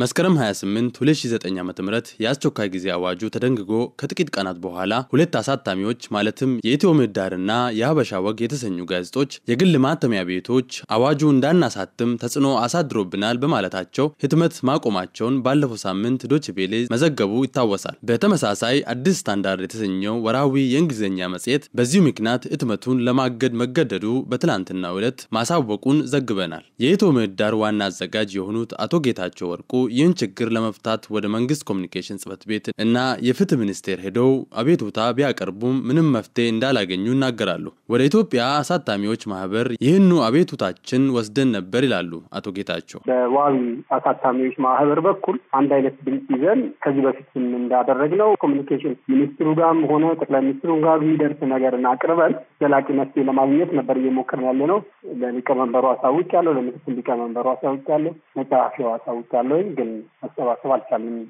መስከረም 28 2009 ዓ.ም የአስቸኳይ ጊዜ አዋጁ ተደንግጎ ከጥቂት ቀናት በኋላ ሁለት አሳታሚዎች ማለትም የኢትዮ ምህዳርና የሀበሻ ወግ የተሰኙ ጋዜጦች የግል ማተሚያ ቤቶች አዋጁ እንዳናሳትም ተጽዕኖ አሳድሮብናል በማለታቸው ህትመት ማቆማቸውን ባለፈው ሳምንት ዶችቬሌ መዘገቡ ይታወሳል። በተመሳሳይ አዲስ ስታንዳርድ የተሰኘው ወራዊ የእንግሊዝኛ መጽሔት በዚሁ ምክንያት ህትመቱን ለማገድ መገደዱ በትላንትና ዕለት ማሳወቁን ዘግበናል። የኢትዮ ምህዳር ዋና አዘጋጅ የሆኑት አቶ ጌታቸው ወርቁ ይህን ችግር ለመፍታት ወደ መንግስት ኮሚኒኬሽን ጽህፈት ቤት እና የፍትህ ሚኒስቴር ሄደው አቤቱታ ቢያቀርቡም ምንም መፍትሄ እንዳላገኙ ይናገራሉ። ወደ ኢትዮጵያ አሳታሚዎች ማህበር ይህኑ አቤቱታችን ወስደን ነበር ይላሉ አቶ ጌታቸው። በዋቢ አሳታሚዎች ማህበር በኩል አንድ አይነት ድምፅ ይዘን ከዚህ በፊትም እንዳደረግነው ኮሚኒኬሽን ሚኒስትሩ ጋርም ሆነ ጠቅላይ ሚኒስትሩ ጋር የሚደርስ ነገርን አቅርበን ዘላቂ መፍትሄ ለማግኘት ነበር እየሞከርን ያለ ነው። ለሊቀመንበሩ አሳውቅ ያለው፣ ለምክትል ሊቀመንበሩ አሳውቅ ያለው፣ መጽሐፊው አሳውቅ ያለው ግን መሰባሰብ አልቻልንም።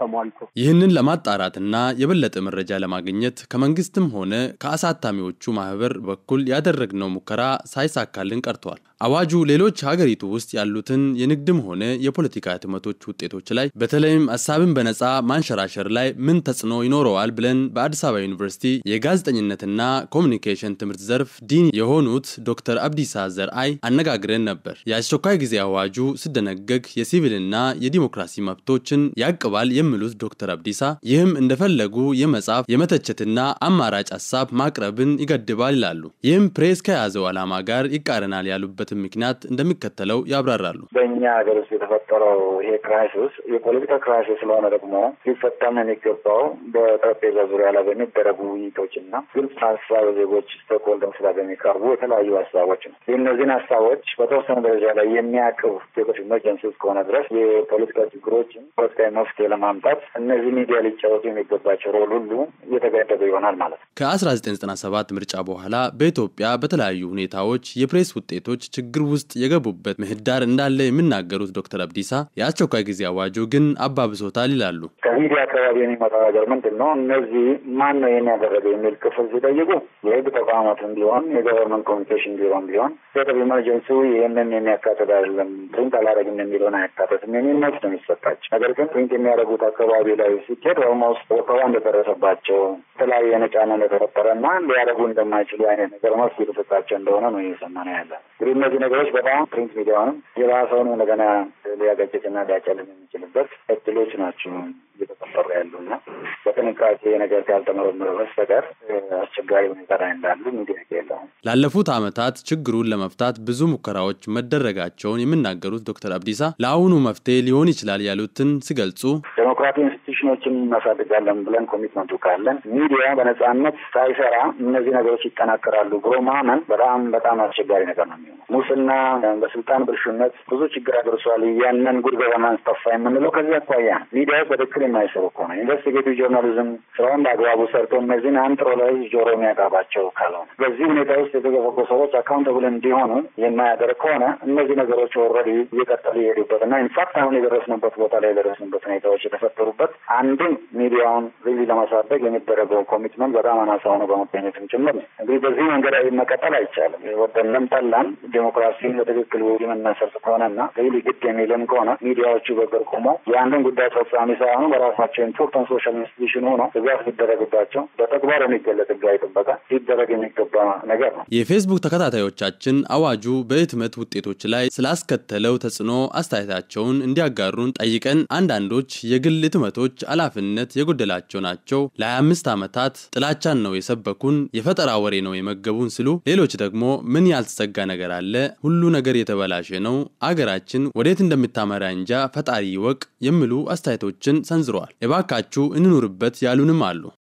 ተሟልቶ ይህንን ለማጣራትና የበለጠ መረጃ ለማግኘት ከመንግስትም ሆነ ከአሳታሚዎቹ ማህበር በኩል ያደረግነው ሙከራ ሳይሳካልን ቀርተዋል። አዋጁ ሌሎች ሀገሪቱ ውስጥ ያሉትን የንግድም ሆነ የፖለቲካ ህትመቶች ውጤቶች ላይ በተለይም ሀሳብን በነጻ ማንሸራሸር ላይ ምን ተጽዕኖ ይኖረዋል ብለን በአዲስ አበባ ዩኒቨርሲቲ የጋዜጠኝነትና ኮሚኒኬሽን ትምህርት ዘርፍ ዲን የሆኑት ዶክተር አብዲሳ ዘርአይ አነጋግረን ነበር። የአስቸኳይ ጊዜ አዋጁ ሲደነገግ የሲቪልና የዲሞክራሲ መብቶችን ያቅባል የሚሉት ዶክተር አብዲሳ ይህም እንደፈለጉ የመጻፍ የመተቸትና አማራጭ ሀሳብ ማቅረብን ይገድባል ይላሉ። ይህም ፕሬስ ከያዘው ዓላማ ጋር ይቃረናል ያሉበት የሆነበትን ምክንያት እንደሚከተለው ያብራራሉ። በእኛ ሀገር ውስጥ የተፈጠረው ይሄ ክራይሲስ የፖለቲካ ክራይሲስ ስለሆነ ደግሞ ሊፈታም የሚገባው በጠረጴዛ ዙሪያ ላይ በሚደረጉ ውይይቶችና ግልጽ ሀሳብ ዜጎች ስቴክሆልደርስ ላይ በሚቀርቡ የተለያዩ ሀሳቦች ነው። እነዚህን ሀሳቦች በተወሰነ ደረጃ ላይ የሚያቅብ ዜጎች ኢመርጀንሲ እስከሆነ ድረስ የፖለቲካ ችግሮችን ፖለቲካዊ መፍትሄ ለማምጣት እነዚህ ሚዲያ ሊጫወቱ የሚገባቸው ሮል ሁሉ እየተገደበ ይሆናል ማለት ነው። ከ1997 ምርጫ በኋላ በኢትዮጵያ በተለያዩ ሁኔታዎች የፕሬስ ውጤቶች ችግር ውስጥ የገቡበት ምህዳር እንዳለ የሚናገሩት ዶክተር አብዲሳ የአስቸኳይ ጊዜ አዋጁ ግን አባብሶታል ይላሉ። ከሚዲያ አካባቢ የሚመጣ ነገር ምንድን ነው? እነዚህ ማን ነው የሚያደረገ የሚል ክፍል ሲጠይቁ የህግ ተቋማትን ቢሆን የገቨርንመንት ኮሚኒኬሽን ቢሮን ቢሆን ቤተብ ኢመርጀንሲ ይህንን የሚያካትት አይደለም፣ ፕሪንት አላረግም የሚለውን አያካተትም የሚል መልስ ነው የሚሰጣቸው። ነገር ግን ፕሪንት የሚያደርጉት አካባቢ ላይ ሲኬድ ኦልሞስት ወከባ እንደደረሰባቸው የተለያየ ነጫና እንደተፈጠረ እና ሊያደርጉ እንደማይችሉ አይነት ነገር መልስ የተሰጣቸው እንደሆነ ነው እየሰማነው ያለ እንግዲህ እነዚህ ነገሮች በጣም ፕሪንት ሚዲያውንም የባሰውን እንደገና ሊያገጭት ሊያገጭትና ሊያጨልም የሚችልበት እድሎች ናቸው። እየተቆጠሩ ያሉ እና በጥንቃቄ ነገር ካልተመረመረ በስተቀር አስቸጋሪ ሁኔታ ላይ እንዳሉ ጥያቄ የለውም። ላለፉት ዓመታት ችግሩን ለመፍታት ብዙ ሙከራዎች መደረጋቸውን የሚናገሩት ዶክተር አብዲሳ ለአሁኑ መፍትሄ ሊሆን ይችላል ያሉትን ሲገልጹ ዲሞክራቲክ ኢንስቲቱሽኖችን እናሳድጋለን ብለን ኮሚትመንቱ ካለን ሚዲያ በነጻነት ሳይሰራ እነዚህ ነገሮች ይጠናከራሉ ብሎ ማመን በጣም በጣም አስቸጋሪ ነገር ነው የሚሆነው። ሙስና፣ በስልጣን ብልሹነት ብዙ ችግር አድርሷል። ያንን ጉድ ገበና አንስጠፋ የምንለው ከዚህ አኳያ ሚዲያ በትክክል የማይሰሩ ከሆነ ኢንቨስቲጌቲቭ ጆርናሊዝም ስራውን በአግባቡ ሰርቶ እነዚህን አንጥሮ ላይ ጆሮ የሚያጋባቸው ካልሆነ በዚህ ሁኔታ ውስጥ የተዘፈቁ ሰዎች አካውንተብል እንዲሆኑ የማያደርግ ከሆነ እነዚህ ነገሮች ኦልሬዲ እየቀጠሉ ይሄዱበት እና ኢንፋክት አሁን የደረስንበት ቦታ ላይ የደረስንበት ሁኔታዎች የተፈጠሩበት አንድም ሚዲያውን ሪሊ ለማሳደግ የሚደረገው ኮሚትመንት በጣም አናሳ ሆኖ በመገኘትም ጭምር ነው። እንግዲህ በዚህ መንገድ መቀጠል አይቻልም። ወደንም ጠላን ዴሞክራሲን በትክክል የመናሰርጽ ከሆነና ልዩ ግድ የሚልም ከሆነ ሚዲያዎቹ በቅር ቆመው የአንድን ጉዳይ ፈጻሚ ሳይሆኑ በራሳቸው ኢምፖርታንት ሶሻል ኢንስቲቱሽን ሆኖ ድጋፍ ሊደረግባቸው በተግባር የሚገለጥ ሕጋዊ ጥበቃ ሊደረግ የሚገባ ነገር ነው። የፌስቡክ ተከታታዮቻችን አዋጁ በህትመት ውጤቶች ላይ ስላስከተለው ተጽዕኖ አስተያየታቸውን እንዲያጋሩን ጠይቀን አንዳንዶች የግል ህትመቶች አላፍነት ኃላፊነት የጎደላቸው ናቸው። ለ25 ዓመታት ጥላቻን ነው የሰበኩን፣ የፈጠራ ወሬ ነው የመገቡን ሲሉ ሌሎች ደግሞ ምን ያልተሰጋ ነገር አለ? ሁሉ ነገር የተበላሸ ነው፣ አገራችን ወዴት እንደምታመራ እንጃ ፈጣሪ ይወቅ የሚሉ አስተያየቶችን ሰንዝረዋል። እባካችሁ እንኑርበት ያሉንም አሉ።